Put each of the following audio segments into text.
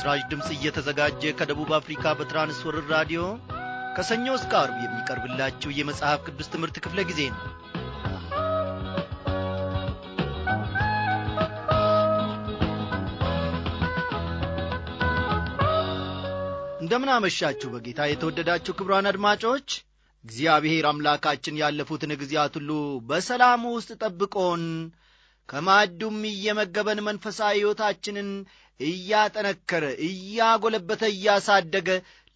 ለምስራች ድምፅ እየተዘጋጀ ከደቡብ አፍሪካ በትራንስወርር ራዲዮ ከሰኞ እስከ አርብ የሚቀርብላችሁ የመጽሐፍ ቅዱስ ትምህርት ክፍለ ጊዜ ነው እንደምን አመሻችሁ በጌታ የተወደዳችሁ ክብሯን አድማጮች እግዚአብሔር አምላካችን ያለፉትን ጊዜያት ሁሉ በሰላም ውስጥ ጠብቆን ከማዕዱም እየመገበን መንፈሳዊ ሕይወታችንን እያጠነከረ እያጎለበተ እያሳደገ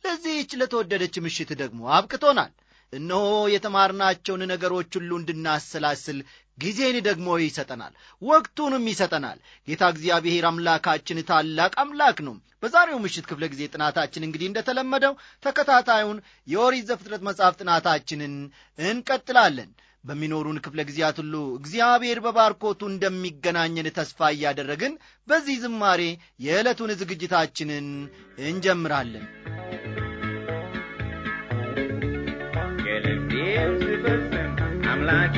ለዚህች ለተወደደች ምሽት ደግሞ አብቅቶናል። እነሆ የተማርናቸውን ነገሮች ሁሉ እንድናሰላስል ጊዜን ደግሞ ይሰጠናል፣ ወቅቱንም ይሰጠናል። ጌታ እግዚአብሔር አምላካችን ታላቅ አምላክ ነው። በዛሬው ምሽት ክፍለ ጊዜ ጥናታችን እንግዲህ እንደተለመደው ተከታታዩን የኦሪት ዘፍጥረት መጽሐፍ ጥናታችንን እንቀጥላለን። በሚኖሩን ክፍለ ጊዜያት ሁሉ እግዚአብሔር በባርኮቱ እንደሚገናኘን ተስፋ እያደረግን በዚህ ዝማሬ የዕለቱን ዝግጅታችንን እንጀምራለን። አምላኬ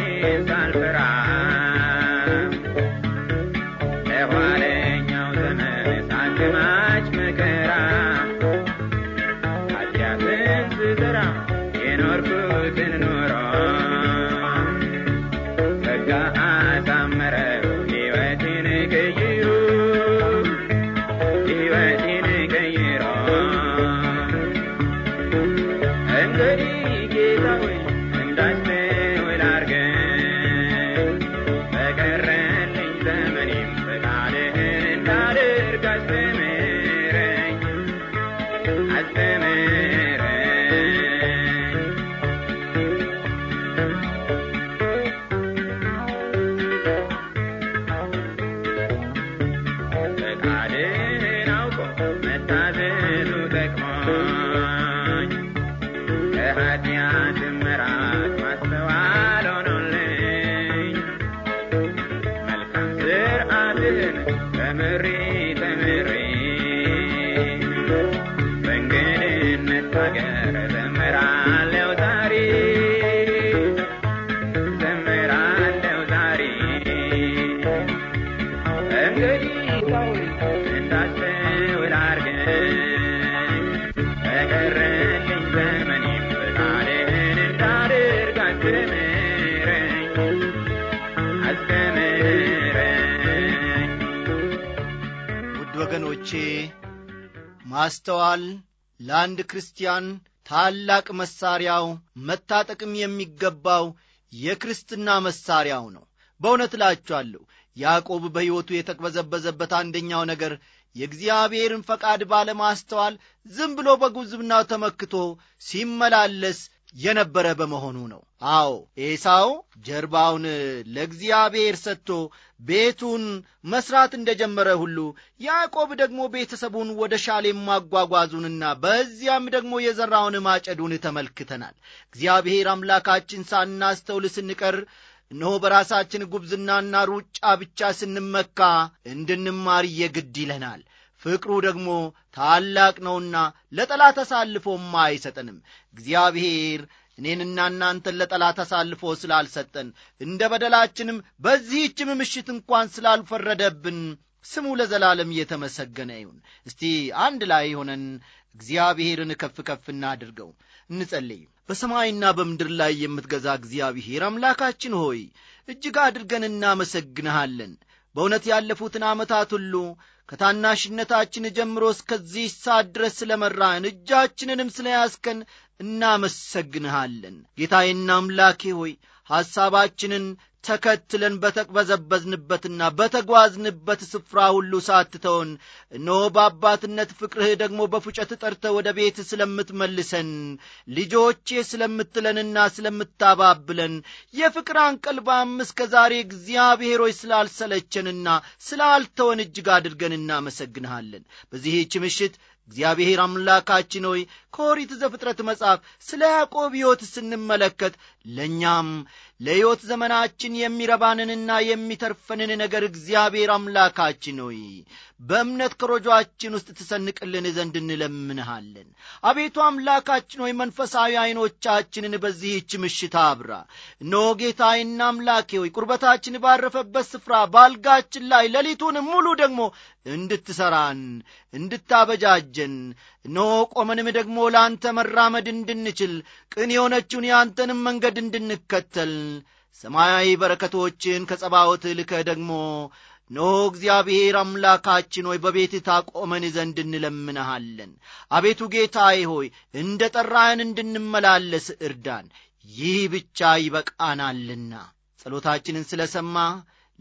ወገኖቼ ማስተዋል ለአንድ ክርስቲያን ታላቅ መሳሪያው መታጠቅም የሚገባው የክርስትና መሳሪያው ነው። በእውነት እላችኋለሁ ያዕቆብ በሕይወቱ የተቅበዘበዘበት አንደኛው ነገር የእግዚአብሔርን ፈቃድ ባለማስተዋል ዝም ብሎ በጉዝብናው ተመክቶ ሲመላለስ የነበረ በመሆኑ ነው። አዎ ኤሳው ጀርባውን ለእግዚአብሔር ሰጥቶ ቤቱን መስራት እንደጀመረ ሁሉ ያዕቆብ ደግሞ ቤተሰቡን ወደ ሻሌም ማጓጓዙንና በዚያም ደግሞ የዘራውን ማጨዱን ተመልክተናል። እግዚአብሔር አምላካችን ሳናስተውል ስንቀር እነሆ በራሳችን ጉብዝናና ሩጫ ብቻ ስንመካ እንድንማር የግድ ይለናል። ፍቅሩ ደግሞ ታላቅ ነውና ለጠላት አሳልፎም አይሰጠንም። እግዚአብሔር እኔንና እናንተን ለጠላት አሳልፎ ስላልሰጠን እንደ በደላችንም በዚህችም ምሽት እንኳን ስላልፈረደብን ስሙ ለዘላለም እየተመሰገነ ይሁን። እስቲ አንድ ላይ ሆነን እግዚአብሔርን ከፍ ከፍ እናድርገው፣ እንጸልይ። በሰማይና በምድር ላይ የምትገዛ እግዚአብሔር አምላካችን ሆይ እጅግ አድርገን እናመሰግንሃለን። በእውነት ያለፉትን ዓመታት ሁሉ ከታናሽነታችን ጀምሮ እስከዚህ ሰዓት ድረስ ስለመራን እጃችንንም ስለ ያስከን እናመሰግንሃለን። ጌታዬና አምላኬ ሆይ ሐሳባችንን ተከትለን በተቅበዘበዝንበትና በተጓዝንበት ስፍራ ሁሉ ሳትተውን እነሆ በአባትነት ፍቅርህ ደግሞ በፉጨት ጠርተ ወደ ቤት ስለምትመልሰን ልጆቼ ስለምትለንና ስለምታባብለን የፍቅር አንቀልባም እስከ ዛሬ እግዚአብሔሮች ስላልሰለቸንና ስላልተወን እጅግ አድርገን እናመሰግንሃለን። በዚህች ምሽት እግዚአብሔር አምላካችን ሆይ ከኦሪት ዘፍጥረት መጽሐፍ ስለ ያዕቆብ ሕይወት ስንመለከት ለእኛም ለሕይወት ዘመናችን የሚረባንንና የሚተርፈንን ነገር እግዚአብሔር አምላካችን ሆይ በእምነት ከሮጇችን ውስጥ ትሰንቅልን ዘንድ እንለምንሃለን። አቤቱ አምላካችን ሆይ መንፈሳዊ ዐይኖቻችንን በዚህች ምሽት አብራ። እነሆ ጌታዬና አምላኬ ሆይ ቁርበታችን ባረፈበት ስፍራ ባልጋችን ላይ ሌሊቱን ሙሉ ደግሞ እንድትሠራን እንድታበጃጀን፣ እነሆ ቆመንም ደግሞ ለአንተ መራመድ እንድንችል ቅን የሆነችውን የአንተንም መንገድ እንድንከተል ሰማያዊ በረከቶችን ከጸባዖት ልከህ ደግሞ ኖ እግዚአብሔር አምላካችን ሆይ በቤት ታቆመን ዘንድ እንለምንሃለን። አቤቱ ጌታዬ ሆይ እንደ ጠራህን እንድንመላለስ እርዳን፣ ይህ ብቻ ይበቃናልና። ጸሎታችንን ስለ ሰማ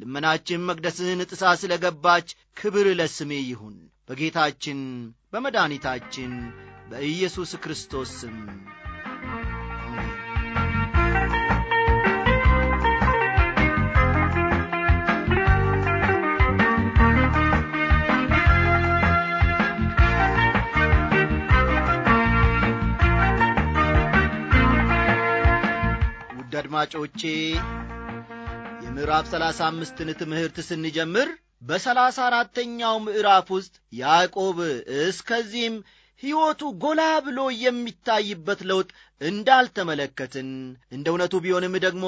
ልመናችን መቅደስህን ጥሳ ስለ ገባች ክብር ለስሜ ይሁን በጌታችን በመድኒታችን በኢየሱስ ክርስቶስ ስም አድማጮቼ የምዕራፍ ሰላሳ አምስትን ትምህርት ስንጀምር በሰላሳ አራተኛው ምዕራፍ ውስጥ ያዕቆብ እስከዚህም ሕይወቱ ጎላ ብሎ የሚታይበት ለውጥ እንዳልተመለከትን እንደ እውነቱ ቢሆንም ደግሞ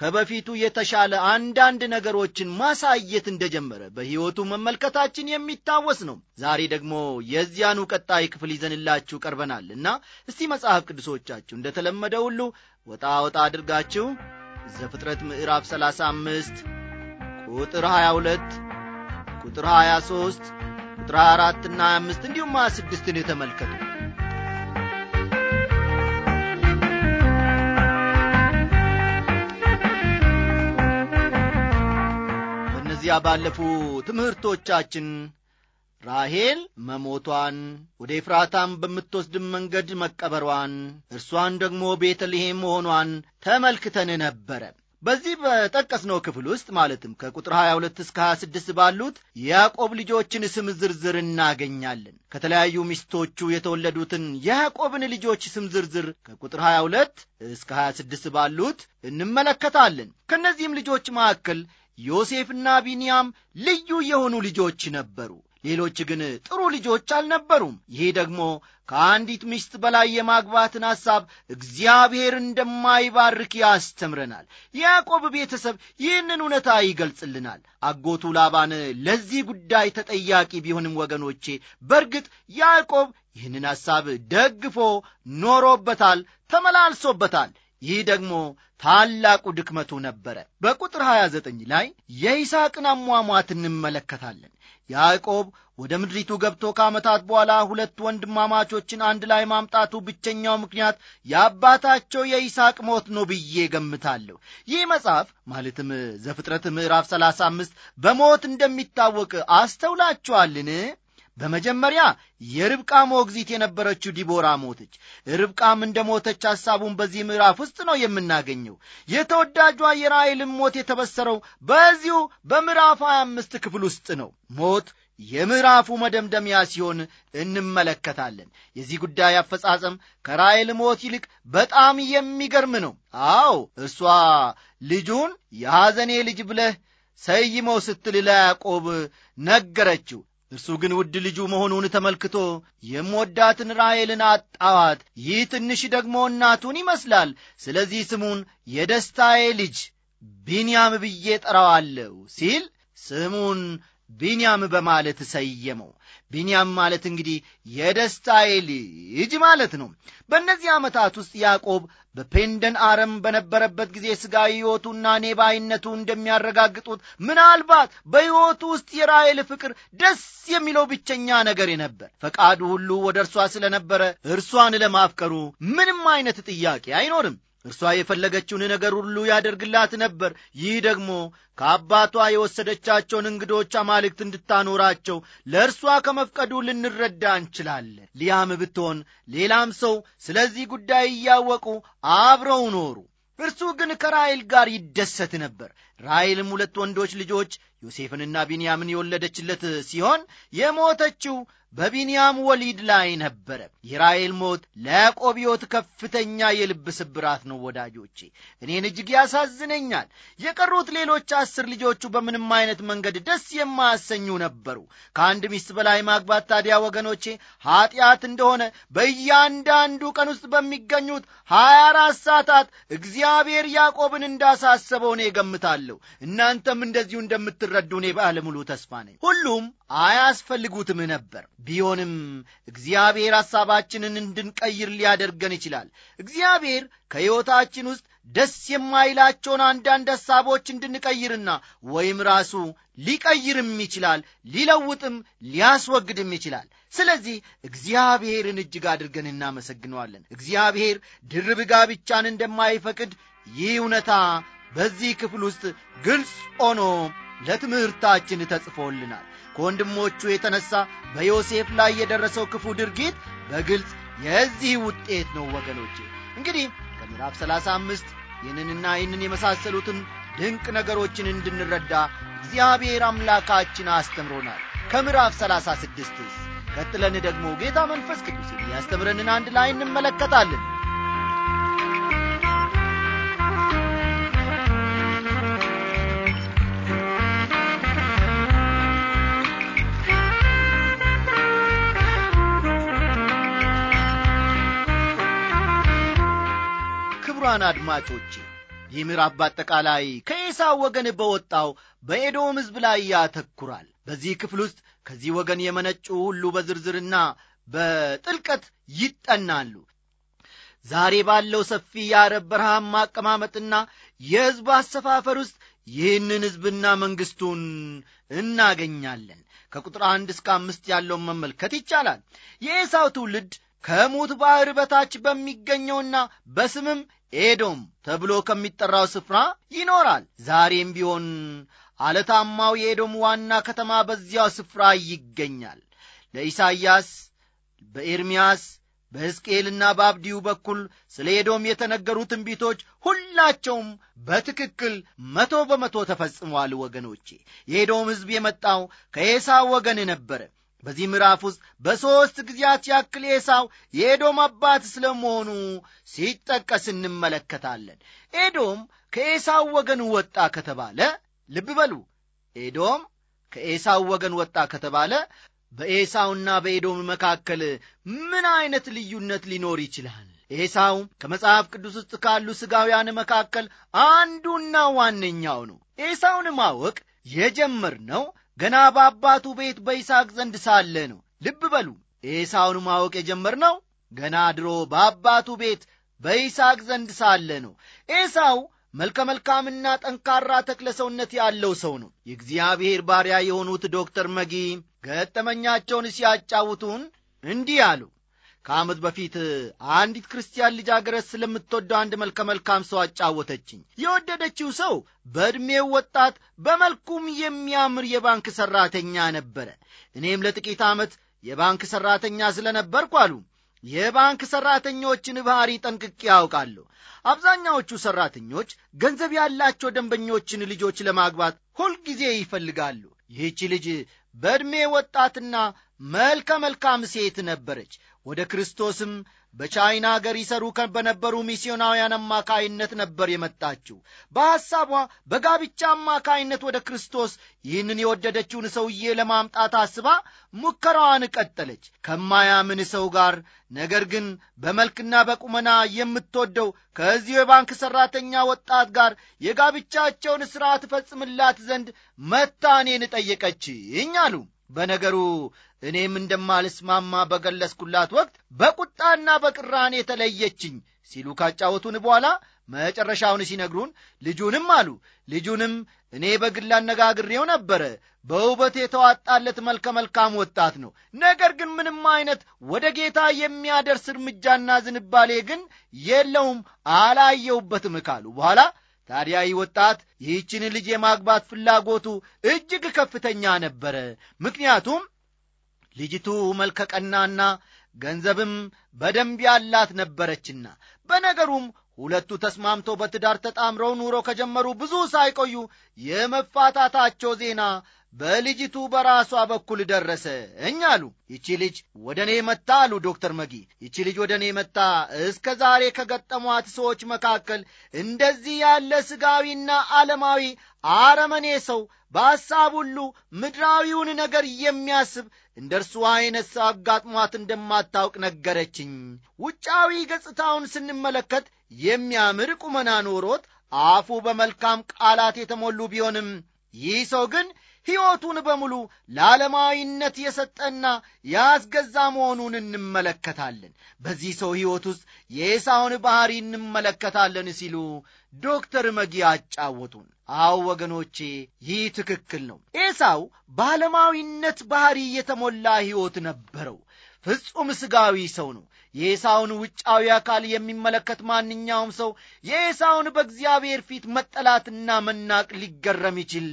ከበፊቱ የተሻለ አንዳንድ ነገሮችን ማሳየት እንደጀመረ በሕይወቱ መመልከታችን የሚታወስ ነው። ዛሬ ደግሞ የዚያኑ ቀጣይ ክፍል ይዘንላችሁ ቀርበናልና እስቲ መጽሐፍ ቅዱሶቻችሁ እንደተለመደ ሁሉ ወጣ ወጣ አድርጋችሁ ዘፍጥረት ምዕራፍ 35 ቁጥር 22 ቁጥር 23 ቁጥር 24 እና 25 እንዲሁም 26ን የተመልከቱ በእነዚያ ባለፉ ትምህርቶቻችን ራሔል መሞቷን ወደ ኤፍራታም በምትወስድ መንገድ መቀበሯን እርሷን ደግሞ ቤተልሔም መሆኗን ተመልክተን ነበረ በዚህ በጠቀስነው ክፍል ውስጥ ማለትም ከቁጥር 22 እስከ 26 ባሉት የያዕቆብ ልጆችን ስም ዝርዝር እናገኛለን። ከተለያዩ ሚስቶቹ የተወለዱትን የያዕቆብን ልጆች ስም ዝርዝር ከቁጥር 22 እስከ 26 ባሉት እንመለከታለን። ከእነዚህም ልጆች መካከል ዮሴፍና ቢንያም ልዩ የሆኑ ልጆች ነበሩ። ሌሎች ግን ጥሩ ልጆች አልነበሩም። ይህ ደግሞ ከአንዲት ሚስት በላይ የማግባትን ሐሳብ እግዚአብሔር እንደማይባርክ ያስተምረናል። ያዕቆብ ቤተሰብ ይህንን እውነታ ይገልጽልናል። አጎቱ ላባን ለዚህ ጉዳይ ተጠያቂ ቢሆንም ወገኖቼ፣ በእርግጥ ያዕቆብ ይህንን ሐሳብ ደግፎ ኖሮበታል፣ ተመላልሶበታል። ይህ ደግሞ ታላቁ ድክመቱ ነበረ። በቁጥር 29 ላይ የይስሐቅን አሟሟት እንመለከታለን። ያዕቆብ ወደ ምድሪቱ ገብቶ ከዓመታት በኋላ ሁለት ወንድማማቾችን አንድ ላይ ማምጣቱ ብቸኛው ምክንያት የአባታቸው የይስሐቅ ሞት ነው ብዬ ገምታለሁ። ይህ መጽሐፍ ማለትም ዘፍጥረት ምዕራፍ 35 በሞት እንደሚታወቅ አስተውላችኋልን? በመጀመሪያ የርብቃ ሞግዚት የነበረችው ዲቦራ ሞተች። ርብቃም እንደ ሞተች ሐሳቡን በዚህ ምዕራፍ ውስጥ ነው የምናገኘው። የተወዳጇ የራይልም ሞት የተበሰረው በዚሁ በምዕራፍ 25 ክፍል ውስጥ ነው። ሞት የምዕራፉ መደምደሚያ ሲሆን እንመለከታለን። የዚህ ጉዳይ አፈጻጸም ከራይል ሞት ይልቅ በጣም የሚገርም ነው። አዎ እሷ ልጁን የሐዘኔ ልጅ ብለህ ሰይመው ስትል ለያዕቆብ ነገረችው። እርሱ ግን ውድ ልጁ መሆኑን ተመልክቶ የምወዳትን ራሔልን አጣዋት፣ ይህ ትንሽ ደግሞ እናቱን ይመስላል፣ ስለዚህ ስሙን የደስታዬ ልጅ ቢንያም ብዬ ጠራዋለሁ ሲል ስሙን ቢንያም በማለት ሰየመው። ቢንያም ማለት እንግዲህ የደስታዬ ልጅ ማለት ነው። በእነዚህ ዓመታት ውስጥ ያዕቆብ በፔንደን አረም በነበረበት ጊዜ ሥጋዊ ሕይወቱና ኔባይነቱ እንደሚያረጋግጡት ምናልባት በሕይወቱ ውስጥ የራይል ፍቅር ደስ የሚለው ብቸኛ ነገር ነበር። ፈቃዱ ሁሉ ወደ እርሷ ስለነበረ እርሷን ለማፍቀሩ ምንም አይነት ጥያቄ አይኖርም። እርሷ የፈለገችውን ነገር ሁሉ ያደርግላት ነበር። ይህ ደግሞ ከአባቷ የወሰደቻቸውን እንግዶች አማልክት እንድታኖራቸው ለእርሷ ከመፍቀዱ ልንረዳ እንችላለን። ሊያም ብትሆን ሌላም ሰው ስለዚህ ጉዳይ እያወቁ አብረው ኖሩ። እርሱ ግን ከራይል ጋር ይደሰት ነበር። ራይልም ሁለት ወንዶች ልጆች ዮሴፍንና ቢንያምን የወለደችለት ሲሆን የሞተችው በቢንያም ወሊድ ላይ ነበረ። የራይል ሞት ለያዕቆብ ሕይወት ከፍተኛ የልብ ስብራት ነው። ወዳጆቼ እኔን እጅግ ያሳዝነኛል። የቀሩት ሌሎች አስር ልጆቹ በምንም አይነት መንገድ ደስ የማያሰኙ ነበሩ። ከአንድ ሚስት በላይ ማግባት ታዲያ ወገኖቼ ኀጢአት እንደሆነ በእያንዳንዱ ቀን ውስጥ በሚገኙት ሀያ አራት ሰዓታት እግዚአብሔር ያዕቆብን እንዳሳሰበው እኔ እገምታለሁ። እረዳለሁ። እናንተም እንደዚሁ እንደምትረዱ እኔ ባለሙሉ ተስፋ ነኝ። ሁሉም አያስፈልጉትም ነበር። ቢሆንም እግዚአብሔር ሐሳባችንን እንድንቀይር ሊያደርገን ይችላል። እግዚአብሔር ከሕይወታችን ውስጥ ደስ የማይላቸውን አንዳንድ ሐሳቦች እንድንቀይርና ወይም ራሱ ሊቀይርም ይችላል፣ ሊለውጥም ሊያስወግድም ይችላል። ስለዚህ እግዚአብሔርን እጅግ አድርገን እናመሰግነዋለን። እግዚአብሔር ድርብ ጋብቻን እንደማይፈቅድ ይህ እውነታ በዚህ ክፍል ውስጥ ግልጽ ሆኖ ለትምህርታችን ተጽፎልናል ከወንድሞቹ የተነሣ በዮሴፍ ላይ የደረሰው ክፉ ድርጊት በግልጽ የዚህ ውጤት ነው ወገኖቼ እንግዲህ ከምዕራፍ 35 ይህንንና ይህንን የመሳሰሉትን ድንቅ ነገሮችን እንድንረዳ እግዚአብሔር አምላካችን አስተምሮናል ከምዕራፍ 36 ቀጥለን ደግሞ ጌታ መንፈስ ቅዱስ ያስተምረንን አንድ ላይ እንመለከታለን ክቡራን አድማጮቼ ይህ ምዕራፍ በአጠቃላይ ከኤሳው ወገን በወጣው በኤዶም ሕዝብ ላይ ያተኩራል። በዚህ ክፍል ውስጥ ከዚህ ወገን የመነጩ ሁሉ በዝርዝርና በጥልቀት ይጠናሉ። ዛሬ ባለው ሰፊ የአረብ በረሃማ አቀማመጥና የሕዝቡ አሰፋፈር ውስጥ ይህንን ሕዝብና መንግሥቱን እናገኛለን። ከቁጥር አንድ እስከ አምስት ያለውን መመልከት ይቻላል። የኤሳው ትውልድ ከሙት ባሕር በታች በሚገኘውና በስምም ኤዶም ተብሎ ከሚጠራው ስፍራ ይኖራል። ዛሬም ቢሆን አለታማው የኤዶም ዋና ከተማ በዚያው ስፍራ ይገኛል። ለኢሳይያስ በኤርምያስ በሕዝቅኤልና በአብዲው በኩል ስለ ኤዶም የተነገሩ ትንቢቶች ሁላቸውም በትክክል መቶ በመቶ ተፈጽመዋል። ወገኖቼ የኤዶም ሕዝብ የመጣው ከኤሳው ወገን ነበረ። በዚህ ምዕራፍ ውስጥ በሦስት ጊዜያት ያክል ኤሳው የኤዶም አባት ስለ መሆኑ ሲጠቀስ እንመለከታለን። ኤዶም ከኤሳው ወገን ወጣ ከተባለ ልብ በሉ፣ ኤዶም ከኤሳው ወገን ወጣ ከተባለ በኤሳውና በኤዶም መካከል ምን አይነት ልዩነት ሊኖር ይችላል? ኤሳው ከመጽሐፍ ቅዱስ ውስጥ ካሉ ሥጋውያን መካከል አንዱና ዋነኛው ነው። ኤሳውን ማወቅ የጀመርነው ገና በአባቱ ቤት በይስሐቅ ዘንድ ሳለ ነው። ልብ በሉ ኤሳውን ማወቅ የጀመርነው ገና ድሮ በአባቱ ቤት በይስሐቅ ዘንድ ሳለ ነው። ኤሳው መልከ መልካምና ጠንካራ ተክለ ሰውነት ያለው ሰው ነው። የእግዚአብሔር ባሪያ የሆኑት ዶክተር መጊ ገጠመኛቸውን ሲያጫውቱን እንዲህ አሉ። ከዓመት በፊት አንዲት ክርስቲያን ልጃገረድ ስለምትወደው አንድ መልከ መልካም ሰው አጫወተችኝ። የወደደችው ሰው በዕድሜው ወጣት፣ በመልኩም የሚያምር የባንክ ሠራተኛ ነበረ። እኔም ለጥቂት ዓመት የባንክ ሠራተኛ ነበርኩ አሉ የባንክ ሠራተኞችን ባሕሪ ጠንቅቄ ያውቃለሁ። አብዛኛዎቹ ሠራተኞች ገንዘብ ያላቸው ደንበኞችን ልጆች ለማግባት ሁልጊዜ ይፈልጋሉ። ይህቺ ልጅ በዕድሜ ወጣትና መልከ መልካም ሴት ነበረች። ወደ ክርስቶስም በቻይና አገር ይሰሩ በነበሩ ሚስዮናውያን አማካይነት ነበር የመጣችው። በሐሳቧ በጋብቻ አማካይነት ወደ ክርስቶስ ይህንን የወደደችውን ሰውዬ ለማምጣት አስባ ሙከራዋን ቀጠለች። ከማያምን ሰው ጋር ነገር ግን በመልክና በቁመና የምትወደው ከዚሁ የባንክ ሠራተኛ ወጣት ጋር የጋብቻቸውን ሥርዓት ፈጽምላት ዘንድ መታኔን ጠየቀችኝ አሉ። በነገሩ እኔም እንደማልስማማ በገለጽኩላት ወቅት በቁጣና በቅራኔ የተለየችኝ ሲሉ ካጫወቱን በኋላ መጨረሻውን ሲነግሩን ልጁንም አሉ ልጁንም እኔ በግል አነጋግሬው ነበረ። በውበት የተዋጣለት መልከ መልካም ወጣት ነው። ነገር ግን ምንም አይነት ወደ ጌታ የሚያደርስ እርምጃና ዝንባሌ ግን የለውም፣ አላየውበትም ካሉ በኋላ ታዲያ ይህ ወጣት ይህችን ልጅ የማግባት ፍላጎቱ እጅግ ከፍተኛ ነበረ። ምክንያቱም ልጅቱ መልከቀናና ገንዘብም በደንብ ያላት ነበረችና። በነገሩም ሁለቱ ተስማምተው በትዳር ተጣምረው ኑሮ ከጀመሩ ብዙ ሳይቆዩ የመፋታታቸው ዜና በልጅቱ በራሷ በኩል እኛ አሉ። ይቺ ልጅ ወደ እኔ መጣ አሉ ዶክተር መጊ። ይቺ ልጅ ወደ እኔ መጣ እስከ ዛሬ ከገጠሟት ሰዎች መካከል እንደዚህ ያለ ስጋዊና ዓለማዊ አረመኔ ሰው በሐሳብ ሁሉ ምድራዊውን ነገር የሚያስብ እንደ እርሱ ዐይነት ሰው አጋጥሟት እንደማታውቅ ነገረችኝ። ውጫዊ ገጽታውን ስንመለከት የሚያምር ቁመና ኖሮት አፉ በመልካም ቃላት የተሞሉ ቢሆንም ይህ ሰው ግን ሕይወቱን በሙሉ ለዓለማዊነት የሰጠና ያስገዛ መሆኑን እንመለከታለን። በዚህ ሰው ሕይወት ውስጥ የኤሳውን ባሕሪ እንመለከታለን ሲሉ ዶክተር መጊ አጫወቱን። አው ወገኖቼ፣ ይህ ትክክል ነው። ኤሳው በዓለማዊነት ባሕሪ የተሞላ ሕይወት ነበረው። ፍጹም ሥጋዊ ሰው ነው። የኤሳውን ውጫዊ አካል የሚመለከት ማንኛውም ሰው የኤሳውን በእግዚአብሔር ፊት መጠላትና መናቅ ሊገረም ይችል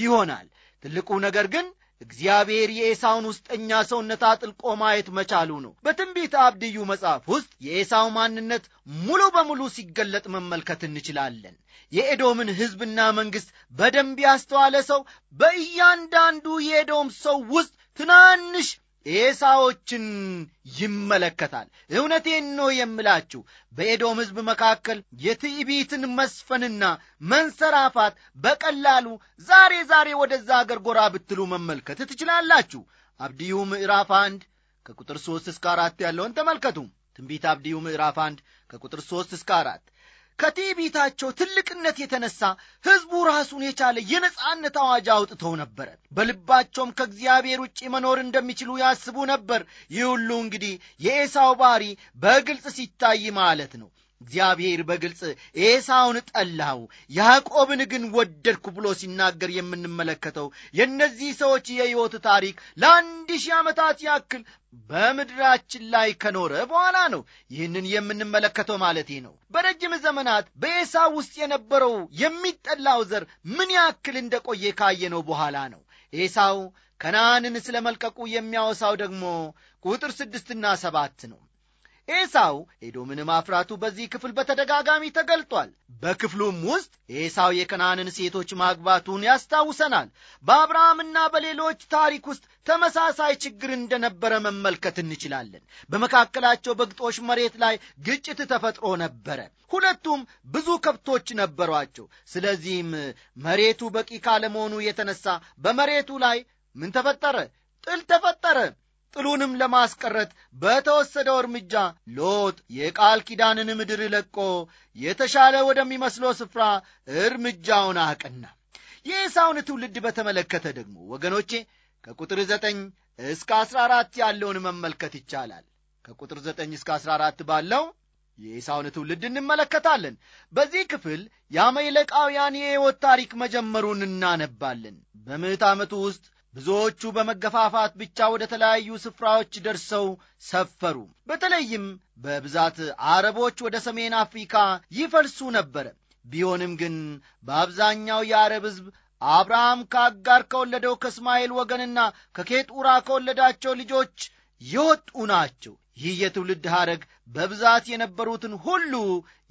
ይሆናል። ትልቁ ነገር ግን እግዚአብሔር የኤሳውን ውስጠኛ ሰውነት አጥልቆ ማየት መቻሉ ነው። በትንቢት አብድዩ መጽሐፍ ውስጥ የኤሳው ማንነት ሙሉ በሙሉ ሲገለጥ መመልከት እንችላለን። የኤዶምን ሕዝብና መንግሥት በደንብ ያስተዋለ ሰው በእያንዳንዱ የኤዶም ሰው ውስጥ ትናንሽ ኤሳዎችን ይመለከታል። እውነቴን ነው የምላችሁ በኤዶም ሕዝብ መካከል የትዕቢትን መስፈንና መንሰራፋት በቀላሉ ዛሬ ዛሬ ወደዛ አገር ጎራ ብትሉ መመልከት ትችላላችሁ። አብድዩ ምዕራፍ አንድ ከቁጥር ሦስት እስከ አራት ያለውን ተመልከቱ። ትንቢት አብድዩ ምዕራፍ አንድ ከቁጥር ሦስት እስከ አራት ከትዕቢታቸው ትልቅነት የተነሳ ሕዝቡ ራሱን የቻለ የነጻነት አዋጅ አውጥተው ነበረ። በልባቸውም ከእግዚአብሔር ውጭ መኖር እንደሚችሉ ያስቡ ነበር። ይህ ሁሉ እንግዲህ የኤሳው ባህሪ በግልጽ ሲታይ ማለት ነው። እግዚአብሔር በግልጽ ኤሳውን ጠላው ያዕቆብን ግን ወደድኩ ብሎ ሲናገር የምንመለከተው የእነዚህ ሰዎች የሕይወት ታሪክ ለአንድ ሺህ ዓመታት ያክል በምድራችን ላይ ከኖረ በኋላ ነው ይህንን የምንመለከተው ማለቴ ነው። በረጅም ዘመናት በኤሳው ውስጥ የነበረው የሚጠላው ዘር ምን ያክል እንደቆየ ካየነው በኋላ ነው። ኤሳው ከነአንን ስለ መልቀቁ የሚያወሳው ደግሞ ቁጥር ስድስትና ሰባት ነው። ኤሳው ኤዶምን ማፍራቱ በዚህ ክፍል በተደጋጋሚ ተገልጧል። በክፍሉም ውስጥ ኤሳው የከናንን ሴቶች ማግባቱን ያስታውሰናል። በአብርሃምና በሌሎች ታሪክ ውስጥ ተመሳሳይ ችግር እንደነበረ መመልከት እንችላለን። በመካከላቸው በግጦሽ መሬት ላይ ግጭት ተፈጥሮ ነበረ። ሁለቱም ብዙ ከብቶች ነበሯቸው። ስለዚህም መሬቱ በቂ ካለመሆኑ የተነሳ በመሬቱ ላይ ምን ተፈጠረ? ጥል ተፈጠረ። ጥሉንም ለማስቀረት በተወሰደው እርምጃ ሎጥ የቃል ኪዳንን ምድር ለቆ የተሻለ ወደሚመስለው ስፍራ እርምጃውን አቀና። የኤሳውን ትውልድ በተመለከተ ደግሞ ወገኖቼ ከቁጥር ዘጠኝ እስከ አስራ አራት ያለውን መመልከት ይቻላል። ከቁጥር ዘጠኝ እስከ አስራ አራት ባለው የኤሳውን ትውልድ እንመለከታለን። በዚህ ክፍል የአመይለቃውያን የሕይወት ታሪክ መጀመሩን እናነባለን። በምዕት ዓመቱ ውስጥ ብዙዎቹ በመገፋፋት ብቻ ወደ ተለያዩ ስፍራዎች ደርሰው ሰፈሩ። በተለይም በብዛት አረቦች ወደ ሰሜን አፍሪካ ይፈልሱ ነበረ። ቢሆንም ግን በአብዛኛው የአረብ ሕዝብ አብርሃም ከአጋር ከወለደው ከእስማኤል ወገንና ከኬጡራ ከወለዳቸው ልጆች የወጡ ናቸው። ይህ የትውልድ ሐረግ በብዛት የነበሩትን ሁሉ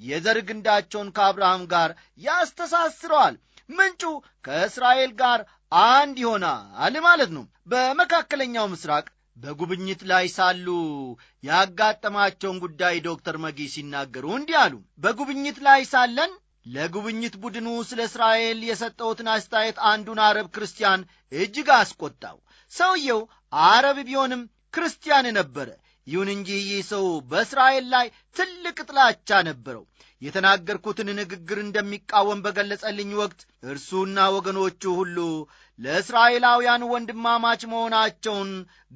የዘር ግንዳቸውን ከአብርሃም ጋር ያስተሳስረዋል። ምንጩ ከእስራኤል ጋር አንድ ይሆናል ማለት ነው። በመካከለኛው ምስራቅ በጉብኝት ላይ ሳሉ ያጋጠማቸውን ጉዳይ ዶክተር መጊ ሲናገሩ እንዲህ አሉ። በጉብኝት ላይ ሳለን ለጉብኝት ቡድኑ ስለ እስራኤል የሰጠሁትን አስተያየት አንዱን አረብ ክርስቲያን እጅግ አስቆጣው። ሰውየው አረብ ቢሆንም ክርስቲያን ነበረ። ይሁን እንጂ ይህ ሰው በእስራኤል ላይ ትልቅ ጥላቻ ነበረው። የተናገርኩትን ንግግር እንደሚቃወም በገለጸልኝ ወቅት እርሱና ወገኖቹ ሁሉ ለእስራኤላውያን ወንድማማች መሆናቸውን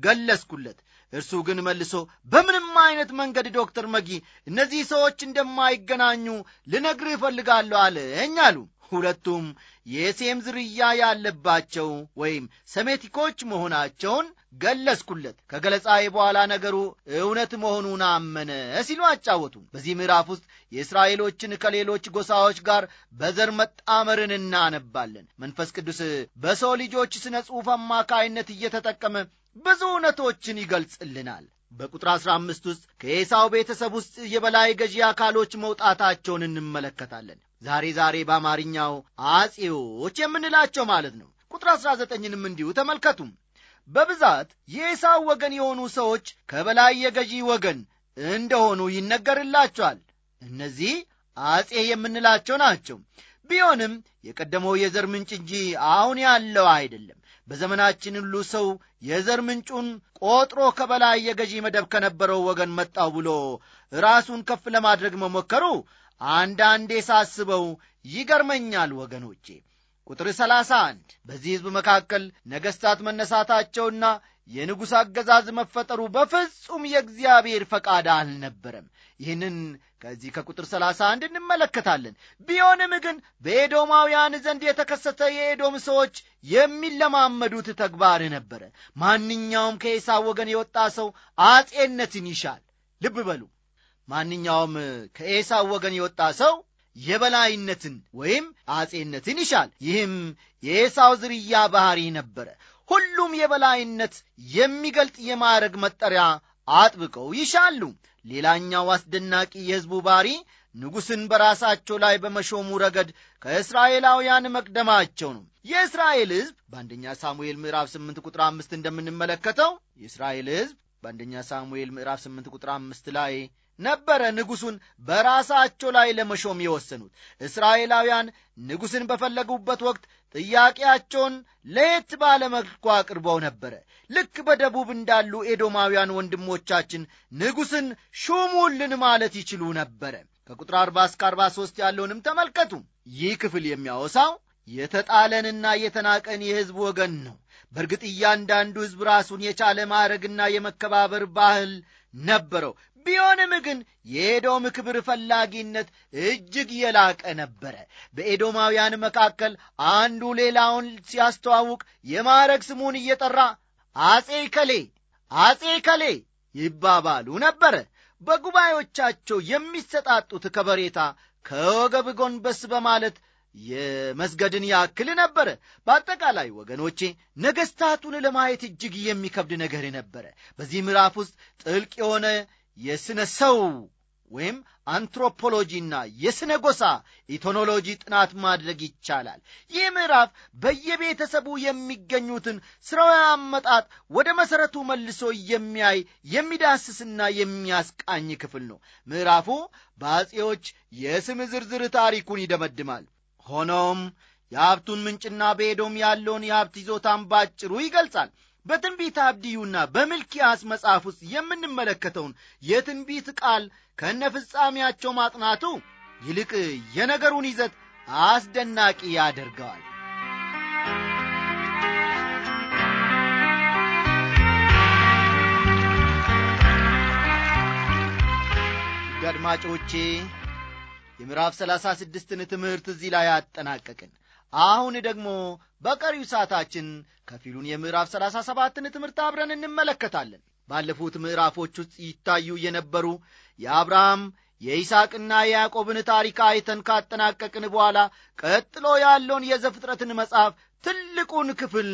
ገለጽኩለት። እርሱ ግን መልሶ በምንም አይነት መንገድ ዶክተር መጊ እነዚህ ሰዎች እንደማይገናኙ ልነግርህ እፈልጋለሁ አለኝ አሉ። ሁለቱም የሴም ዝርያ ያለባቸው ወይም ሰሜቲኮች መሆናቸውን ገለጽኩለት። ከገለጻዬ በኋላ ነገሩ እውነት መሆኑን አመነ ሲሉ አጫወቱ። በዚህ ምዕራፍ ውስጥ የእስራኤሎችን ከሌሎች ጎሳዎች ጋር በዘር መጣመርን እናነባለን። መንፈስ ቅዱስ በሰው ልጆች ስነ ጽሑፍ አማካይነት እየተጠቀመ ብዙ እውነቶችን ይገልጽልናል። በቁጥር 15 ውስጥ ከኤሳው ቤተሰብ ውስጥ የበላይ ገዢ አካሎች መውጣታቸውን እንመለከታለን። ዛሬ ዛሬ በአማርኛው አጼዎች የምንላቸው ማለት ነው። ቁጥር አሥራ ዘጠኝንም እንዲሁ ተመልከቱም። በብዛት የኤሳው ወገን የሆኑ ሰዎች ከበላይ የገዢ ወገን እንደሆኑ ይነገርላቸዋል። እነዚህ አጼ የምንላቸው ናቸው። ቢሆንም የቀደመው የዘር ምንጭ እንጂ አሁን ያለው አይደለም። በዘመናችን ሁሉ ሰው የዘር ምንጩን ቆጥሮ ከበላይ የገዢ መደብ ከነበረው ወገን መጣው ብሎ ራሱን ከፍ ለማድረግ መሞከሩ አንዳንዴ ሳስበው ይገርመኛል ወገኖቼ ቁጥር 31 በዚህ ሕዝብ መካከል ነገሥታት መነሳታቸውና የንጉሥ አገዛዝ መፈጠሩ በፍጹም የእግዚአብሔር ፈቃድ አልነበረም። ይህንን ከዚህ ከቁጥር 31 እንመለከታለን። ቢሆንም ግን በኤዶማውያን ዘንድ የተከሰተ የኤዶም ሰዎች የሚለማመዱት ተግባር ነበረ። ማንኛውም ከኤሳው ወገን የወጣ ሰው አጼነትን ይሻል። ልብ በሉ ማንኛውም ከኤሳው ወገን የወጣ ሰው የበላይነትን ወይም አጼነትን ይሻል። ይህም የኤሳው ዝርያ ባሕሪ ነበረ። ሁሉም የበላይነት የሚገልጥ የማዕረግ መጠሪያ አጥብቀው ይሻሉ። ሌላኛው አስደናቂ የሕዝቡ ባሕሪ ንጉሥን በራሳቸው ላይ በመሾሙ ረገድ ከእስራኤላውያን መቅደማቸው ነው። የእስራኤል ሕዝብ በአንደኛ ሳሙኤል ምዕራፍ 8 ቁጥር 5 እንደምንመለከተው የእስራኤል ሕዝብ በአንደኛ ሳሙኤል ምዕራፍ 8 ቁጥር 5 ላይ ነበረ ንጉሡን በራሳቸው ላይ ለመሾም የወሰኑት። እስራኤላውያን ንጉሥን በፈለጉበት ወቅት ጥያቄያቸውን ለየት ባለ መልኩ አቅርበው ነበረ። ልክ በደቡብ እንዳሉ ኤዶማውያን ወንድሞቻችን ንጉሥን ሹሙልን ማለት ይችሉ ነበረ። ከቁጥር 40 እስከ 43 ያለውንም ተመልከቱ። ይህ ክፍል የሚያወሳው የተጣለንና የተናቀን የሕዝብ ወገን ነው። በእርግጥ እያንዳንዱ ሕዝብ ራሱን የቻለ ማዕረግና የመከባበር ባህል ነበረው። ቢሆንም ግን የኤዶም ክብር ፈላጊነት እጅግ የላቀ ነበረ። በኤዶማውያን መካከል አንዱ ሌላውን ሲያስተዋውቅ የማዕረግ ስሙን እየጠራ አጼ ከሌ አጼ ከሌ ይባባሉ ነበረ። በጉባኤዎቻቸው የሚሰጣጡት ከበሬታ ከወገብ ጎንበስ በማለት የመስገድን ያክል ነበረ። በአጠቃላይ ወገኖቼ ነገሥታቱን ለማየት እጅግ የሚከብድ ነገር ነበረ። በዚህ ምዕራፍ ውስጥ ጥልቅ የሆነ የሥነ ሰው ወይም አንትሮፖሎጂና የሥነ ጎሳ ኢቶኖሎጂ ጥናት ማድረግ ይቻላል። ይህ ምዕራፍ በየቤተሰቡ የሚገኙትን ሥራዊ አመጣጥ ወደ መሠረቱ መልሶ የሚያይ የሚዳስስና የሚያስቃኝ ክፍል ነው። ምዕራፉ በአጼዎች የስም ዝርዝር ታሪኩን ይደመድማል። ሆኖም የሀብቱን ምንጭና በኤዶም ያለውን የሀብት ይዞታን ባጭሩ ይገልጻል። በትንቢት አብድዩና በምልኪያስ መጽሐፍ ውስጥ የምንመለከተውን የትንቢት ቃል ከነ ፍጻሜያቸው ማጥናቱ ይልቅ የነገሩን ይዘት አስደናቂ ያደርገዋል። አድማጮቼ የምዕራፍ ሰላሳ ስድስትን ትምህርት እዚህ ላይ አጠናቀቅን። አሁን ደግሞ በቀሪው ሰዓታችን ከፊሉን የምዕራፍ ሰላሳ ሰባትን ትምህርት አብረን እንመለከታለን። ባለፉት ምዕራፎች ውስጥ ይታዩ የነበሩ የአብርሃም የይስቅና የያዕቆብን ታሪክ አይተን ካጠናቀቅን በኋላ ቀጥሎ ያለውን የዘፍጥረትን መጽሐፍ ትልቁን ክፍል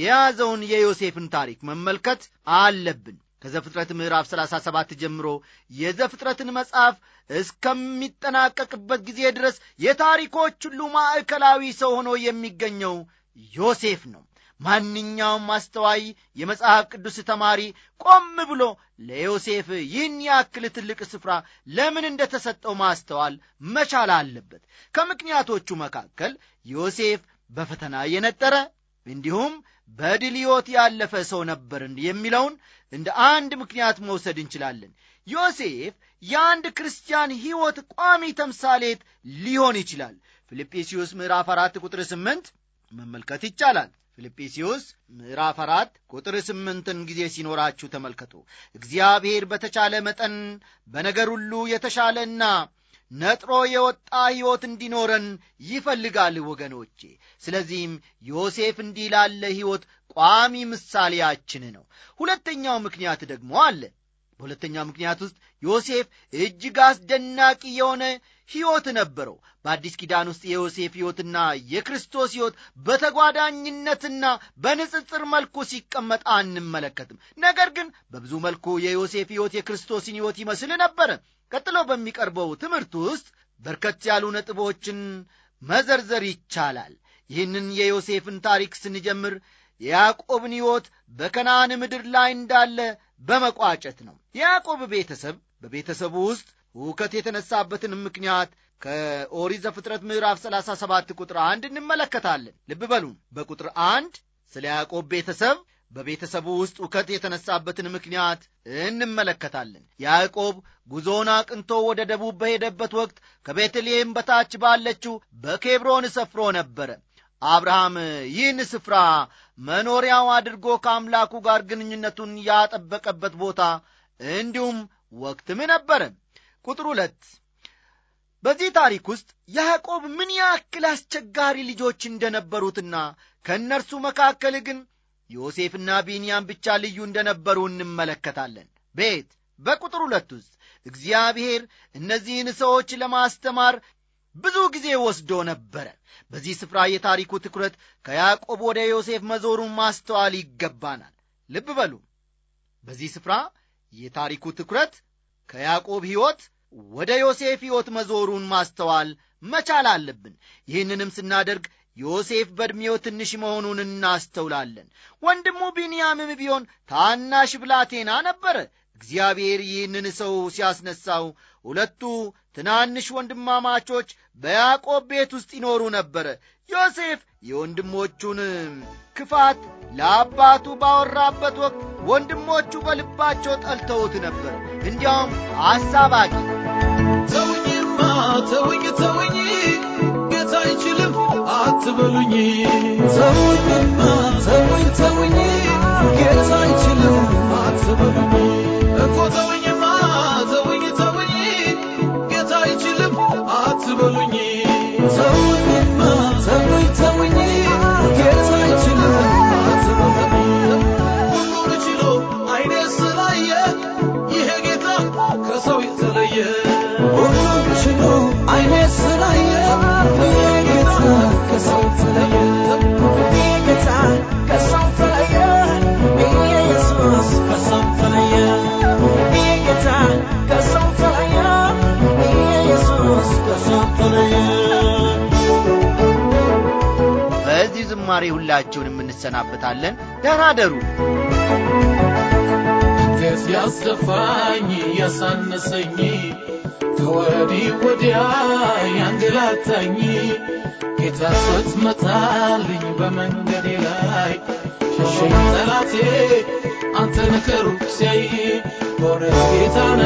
የያዘውን የዮሴፍን ታሪክ መመልከት አለብን። ከዘፍጥረት ምዕራፍ 37 ጀምሮ የዘፍጥረትን መጽሐፍ እስከሚጠናቀቅበት ጊዜ ድረስ የታሪኮች ሁሉ ማዕከላዊ ሰው ሆኖ የሚገኘው ዮሴፍ ነው። ማንኛውም አስተዋይ የመጽሐፍ ቅዱስ ተማሪ ቆም ብሎ ለዮሴፍ ይህን ያክል ትልቅ ስፍራ ለምን እንደተሰጠው ማስተዋል መቻል አለበት። ከምክንያቶቹ መካከል ዮሴፍ በፈተና የነጠረ እንዲሁም በድል ሕይወት ያለፈ ሰው ነበርን የሚለውን እንደ አንድ ምክንያት መውሰድ እንችላለን። ዮሴፍ የአንድ ክርስቲያን ሕይወት ቋሚ ተምሳሌት ሊሆን ይችላል። ፊልጵስዩስ ምዕራፍ 4 ቁጥር 8 መመልከት ይቻላል። ፊልጵስዩስ ምዕራፍ 4 ቁጥር 8ን ጊዜ ሲኖራችሁ ተመልከቱ። እግዚአብሔር በተቻለ መጠን በነገር ሁሉ የተሻለና ነጥሮ የወጣ ሕይወት እንዲኖረን ይፈልጋል ወገኖቼ። ስለዚህም ዮሴፍ እንዲህ ላለ ሕይወት ቋሚ ምሳሌያችን ነው። ሁለተኛው ምክንያት ደግሞ አለ። በሁለተኛው ምክንያት ውስጥ ዮሴፍ እጅግ አስደናቂ የሆነ ሕይወት ነበረው። በአዲስ ኪዳን ውስጥ የዮሴፍ ሕይወትና የክርስቶስ ሕይወት በተጓዳኝነትና በንጽጽር መልኩ ሲቀመጥ አንመለከትም። ነገር ግን በብዙ መልኩ የዮሴፍ ሕይወት የክርስቶስን ሕይወት ይመስል ነበረ። ቀጥሎ በሚቀርበው ትምህርት ውስጥ በርከት ያሉ ነጥቦችን መዘርዘር ይቻላል። ይህንን የዮሴፍን ታሪክ ስንጀምር የያዕቆብን ሕይወት በከናን ምድር ላይ እንዳለ በመቋጨት ነው። የያዕቆብ ቤተሰብ በቤተሰቡ ውስጥ ሁከት የተነሳበትን ምክንያት ከኦሪዘ ፍጥረት ምዕራፍ 37 ቁጥር አንድ እንመለከታለን። ልብ በሉ በቁጥር አንድ ስለ ያዕቆብ ቤተሰብ በቤተሰቡ ውስጥ እውከት የተነሳበትን ምክንያት እንመለከታለን። ያዕቆብ ጉዞውን አቅንቶ ወደ ደቡብ በሄደበት ወቅት ከቤተልሔም በታች ባለችው በኬብሮን ሰፍሮ ነበረ። አብርሃም ይህን ስፍራ መኖሪያው አድርጎ ከአምላኩ ጋር ግንኙነቱን ያጠበቀበት ቦታ እንዲሁም ወቅትም ነበረ። ቁጥር ሁለት በዚህ ታሪክ ውስጥ ያዕቆብ ምን ያክል አስቸጋሪ ልጆች እንደነበሩትና ከእነርሱ መካከል ግን ዮሴፍና ቢንያም ብቻ ልዩ እንደነበሩ እንመለከታለን። ቤት በቁጥር ሁለት ውስጥ እግዚአብሔር እነዚህን ሰዎች ለማስተማር ብዙ ጊዜ ወስዶ ነበረ። በዚህ ስፍራ የታሪኩ ትኩረት ከያዕቆብ ወደ ዮሴፍ መዞሩን ማስተዋል ይገባናል። ልብ በሉ፣ በዚህ ስፍራ የታሪኩ ትኩረት ከያዕቆብ ሕይወት ወደ ዮሴፍ ሕይወት መዞሩን ማስተዋል መቻል አለብን። ይህንንም ስናደርግ ዮሴፍ በዕድሜው ትንሽ መሆኑን እናስተውላለን። ወንድሙ ቢንያምም ቢሆን ታናሽ ብላቴና ነበረ። እግዚአብሔር ይህንን ሰው ሲያስነሳው ሁለቱ ትናንሽ ወንድማማቾች በያዕቆብ ቤት ውስጥ ይኖሩ ነበረ። ዮሴፍ የወንድሞቹን ክፋት ለአባቱ ባወራበት ወቅት ወንድሞቹ በልባቸው ጠልተውት ነበር። እንዲያውም ሐሳብ አቂ ተውኝማ ተውኝ ተውኝ ጌታ አይችልም አትበሉኝ ሰውኝ ሰውኝ ሰውኝ ጌታ አይችልም አትበሉ ዛማሬ ሁላችሁንም እንሰናበታለን። ደህና ደሩ ደስ ያስደፋኝ ያሳነሰኝ ከወዲ ወዲያ ያንገላታኝ ጌታ ስትመጣልኝ በመንገዴ ላይ ሸሸኝ ጠላቴ አንተ ነህ ሲያይ በእውነት ጌታነ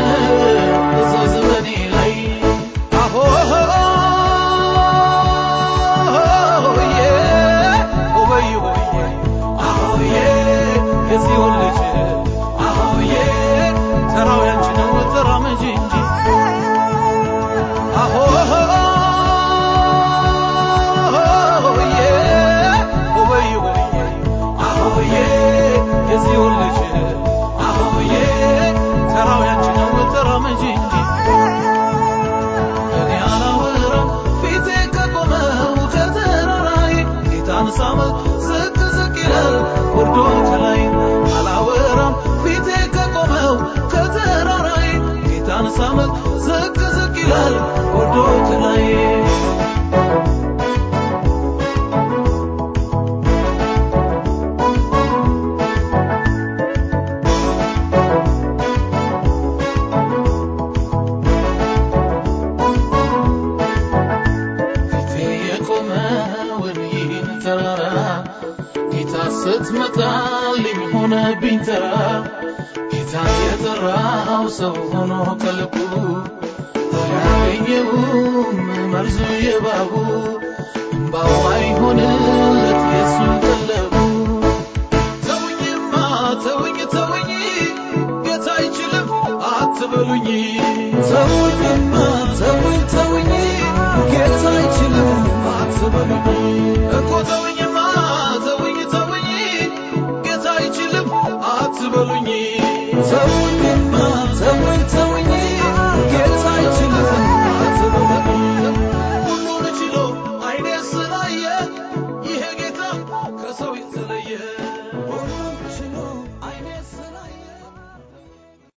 ነህ የጽዮን ልጅ ተራራ ጌታ ስትመጣ ሆነብኝ ተራ ጌታ የጠራው ሰው ሆኖ ከልቡ አላገኘውም መርዙ የባቡ እምባው አይሆንለት የሱ ቀለቡ ተውኝማ ተውኝ ተውኝ ጌታ አይችልም አትበሉኝ ተውኝማ ተውኝ ተውኝ ጌታ አይችልም አትበሉኝ going